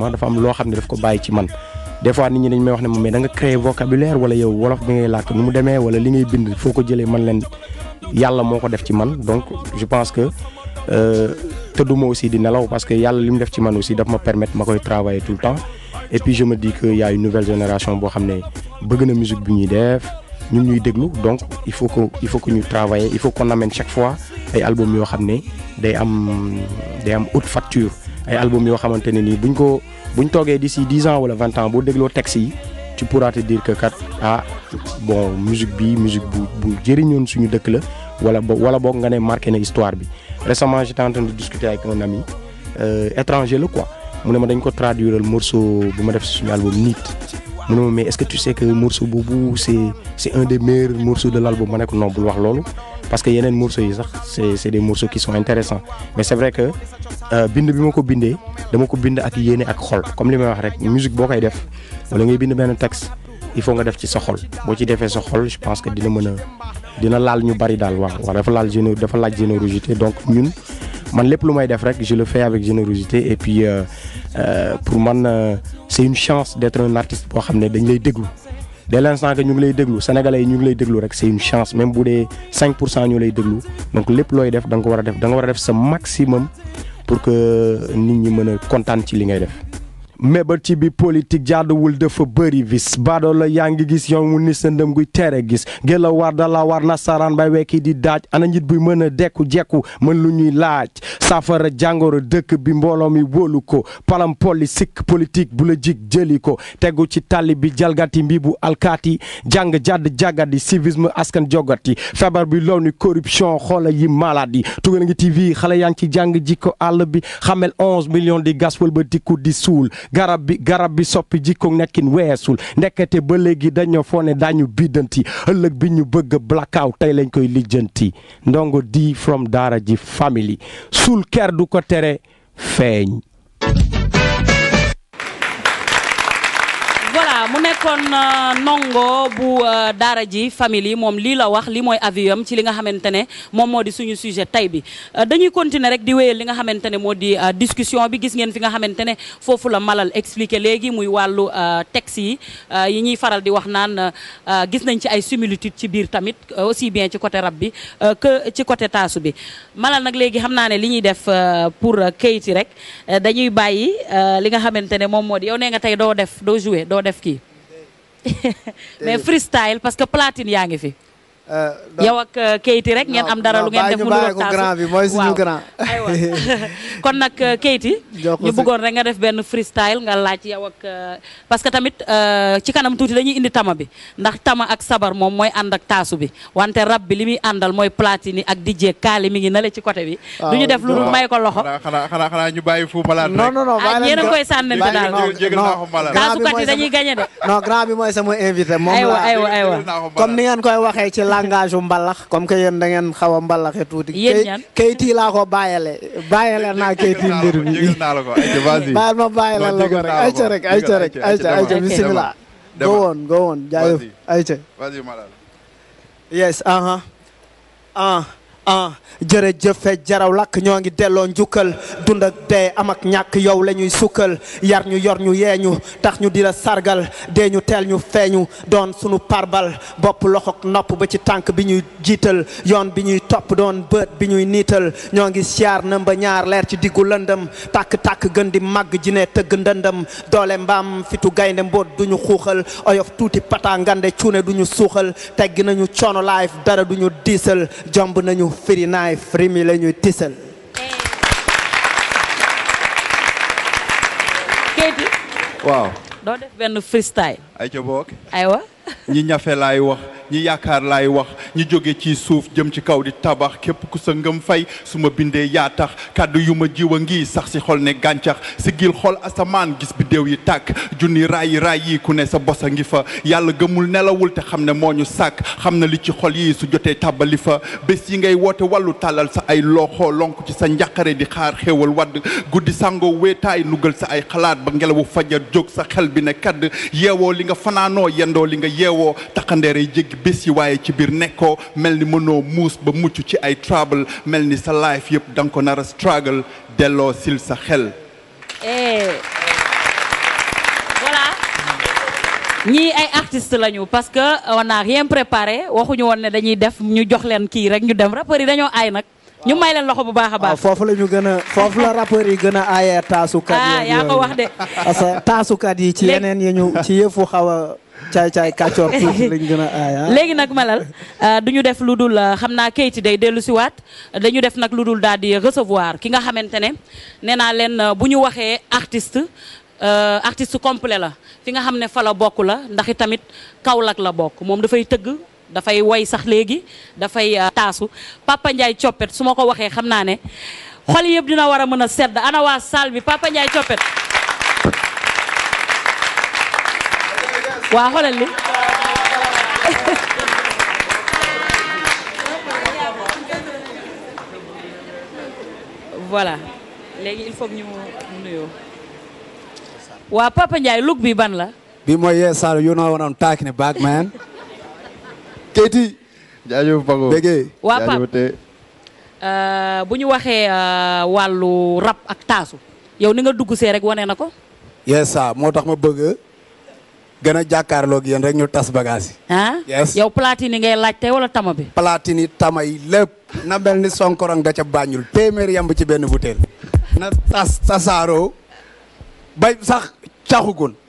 ma dafa am loo xam ne daf ko bàyyi ci man des fois nit ñi dañ may wax ne moom mais da nga créer vocabulaire wala yow wolof bi ngay làkk nu mu demee wala li ngay bind foo ko jëlee man leen yàlla moo ko def ci man donc je pense que euh, tëdduma aussi di nelaw parce que yàlla li mu def ci man aussi daf ma permettre ma koy travailler tout le temps et puis je me que y nouvelle génération boo xam ne bëgg na musique bu ñuy def ñun ñuy déglu donc il faut que il faut ñu travailler il faut qu'on amène chaque fois ay album yoo xam ne day am day am haute facture ay album yoo xamante ne nii buñ ko buñ toogee d'ici dix ans wala vingt ans boo dégloo texte yi tu pourras te diir que kat ah bon musique bi musique bu bu jëriñoon suñu dëkk la wala boo wala boog nga ne marqué na histoire bi récemment j'étais en train de discuter avec un ami euh, étranger la quoi mu ne ma dañ ko traduire morceau bu ma def si suñu album nit mu ne ma mais est-ce que tu sais que morceau boobu c'est c'est un des meilleurs morceaux de l'album ma ne ko non bul wax loolu parce que yeneen morceaux yi sax c'est c'est des morceaux qui sont intéressants mais c'est vrai que euh, bind bi ma ko bindee dama ko bind ak yéene ak xol comme li may wax rek musique boo koy def wala ngay bind benn texte il faut nga def ci sa xol boo ci defee sa xol je pense que dina mën a dina laal ñu bari daal waaw waaw dafa laal géné dafa laaj générosité donc ñun man lépp lu may def rek je le fais avec générosité et puis euh, euh pour man euh, c'est une chance d'être un artiste boo xam ne dañ lay déglu dès l'instant que ñu ngi lay déglu sénégalais yi ñu ngi lay déglu rek c'est une chance même bu dee 5 pour cent ñu lay déglu donc lépp looy def da war a def da war a def sa maximum pour que nit ñi mën a kontaan ci li ngay def. ci bi politique jaaduwul dafa bëri vis baadoo la yaa ngi gis yoon wu ni sa ndëm guy tere gis gëla war dala war nasaraan bay wekki di daaj ana njit buy mën a dekku jekku mën lu ñuy laaj saafara jàngoro dëkk bi mbooloo mi wóolu ko palam poli sikk politique bu la jig jëli ko tegu ci tali bi jalgati mbi bu alkaati jàng jadd jàggati civisme askan jogati feebar bi lool ni corruption xoola yi maladie tugal ngi TV xale yaa ngi ci jàng jikko àll bi xamel 11 millions di gas wëlbatiku di suul garab bi garab bi soppi jikko nekkin weesul ndekkete ba léegi dañoo foo dañu biddanti ëllëg bi ñu bëgg a blackout tey lañ koy lijjanti ndongo di from daara ji family suul ker du ko tere feeñ kon euh, ndongo bu euh, daara ji famille moom lii la wax lii mooy avion ci li nga xamante ne moom moo di suñu sujet tey bi euh, dañuy continuer rek di wéyal li nga xamante ne moo di discussion bi gis ngeen fi nga xamante ne foofu la malal expliqué léegi muy wàllu texte yi yi ñuy faral di wax naan gis nañ ci ay similitude ci biir tamit aussi bien ci côté bi ci côté taasu bi malal nag léegi xam naa ne li ñuy def pour kayit yi rek dañuy bàyyi li nga xamante ne moom moo di yow nee nga tey doo def doo jouer doo def kii mais freestyle parce que platine yaa ngi fi. Euh, yow ak euh, Keyti rek ngeen am dara lu ngeen def mu dul ko grand bi mooy suñu grand kon nag euh, Keyti ñu bëggoon rek nga def benn freestyle nga laaj yow ak parce que tamit ci kanam tuuti dañuy indi tama bi ndax tama ak sabar moom mooy ànd ak bi wante rab bi li muy àndal mooy platini ak DJ Kaali mi ngi nale ci côté bi du ñu def lu dul may ko loxo xanaa xanaa xanaa ñu bàyyi fu malaat non non a dañuy gagné de non grand bi mooy sama invité aywa aywa comme ni ngeen koy waxee ci la langage u mbalax comme que yéen da ngeen xaw a mbalaxe tuuti kayti laa ko bàyyale bàyyale naa kayti mbir mi baal ma bàyyale la ko rek ayca rek ayca rek ayca ayca bisimilah go on go on jaajëf ayca yes aha uh-huh. uh-huh. ah jërëjëf jaraw lakk ñoo ngi delloo njukkal dund ak dee am ak ñàkk yow la ñuy sukkal yar ñu yor ñu yee ñu tax ñu di la sargal dee ñu teel ñu feeñu doon sunu parbal bopp loxook nopp ba ci tànk bi ñuy jiital yoon bi ñuy topp doon bët bi ñuy niital ñoo ngi siyaar nëmba ñaar leer ci diggu lëndëm tàkk-tàkk gën di màgg ji ne tëgg ndëndëm doole mbaam fitu gaynde mboot du ñu xuuxal oyof tuuti pata ngande cuune du ñu suuxal teggi nañu coono life dara du ñu diisal jomb nañu firinaay firimi la ñu tisal Keyti waaw doo def benn freestyle ay ca boog aywa ñi ñafe laay ñi yaakaar laay wax ñi jóge ci suuf jëm ci kaw di tabax képp ku sa ngëm fay su ma bindee yaa tax kàddu yu ma jiw a ngi sax si xol ne gàncax si gil xol asamaan gis bi déew yi tàkk junni raay ràyyi raay ku ne sa bos a ngi fa yàlla gëmul nelawul te xam ne moo ñu sàkk xam na li ci xol yi su jotee tàbbali fa bés yi ngay woote wàllu tàllal sa ay loxo lonk ci sa njàqare di xaar xéewal wadd guddi sàngoo weetaay nugal sa ay xalaat ba ngelawu fajar jóg sa xel bi ne kadd yeewoo li nga fanaanoo yendoo li nga yeewoo taqandeere jéggi bés yi waaye ci biir nekkoo mel ni mënoo muus ba mucc ci ay trouble mel ni sa life yëpp da nga ko nar a struggle delloo sil sa xel eh. ñii ay artistes lañu parce que on n'a rien préparé waxuñu woon ne dañuy def ñu jox leen kii rek ñu dem rappeurs yi dañoo aay nag. ñu may leen loxo bu baax a baax. Ah, foofu la ñu gën a foofu la rappeurs yi gën a aayee taasukat. Ah, yaa ko wax de. taasukat yi ci yeneen yi ñu ci yëfu xaw caay caay kàccoor tuuti lañ gën a aaya ah. léegi nag malal euh, du ñu def lu dul euh, xam naa kayit yi day dellu si waat dañu def nag lu dul daal di recevoir ki nga xamante ne nee naa leen euh, bu ñu waxee artiste artiste complet la fi nga xam ne fa la bokk la ndax i tamit Kaolack la bokk moom dafay tëgg dafay woy sax léegi dafay taasu Papa njaay Coppet su ma ko waxee xam naa ne xol yëpp dina war mën a sedd ana waa salle bi Papa Ndiaye Coppet waa xoolal li voilà léegi il faut ñu nuyoo waa Papa Ndiaye look bi ban la bi mooy yes sir you know what I'm talking about man Keyti jaajëf euh, bu ñu waxee euh, wàllu rap ak taasu yow ni nga dugg see rek wane na ko yes sir moo tax ma bëgg gën a jàkkaarloog yéen rek ñu tas bagage yi. ah yes yow platine ngay laajte wala tama bi. platine tama yi lépp na mel ni sonkorong ga ca bàññul téeméer yamb ci benn butéel na tas tasaaroo bay sax caxugul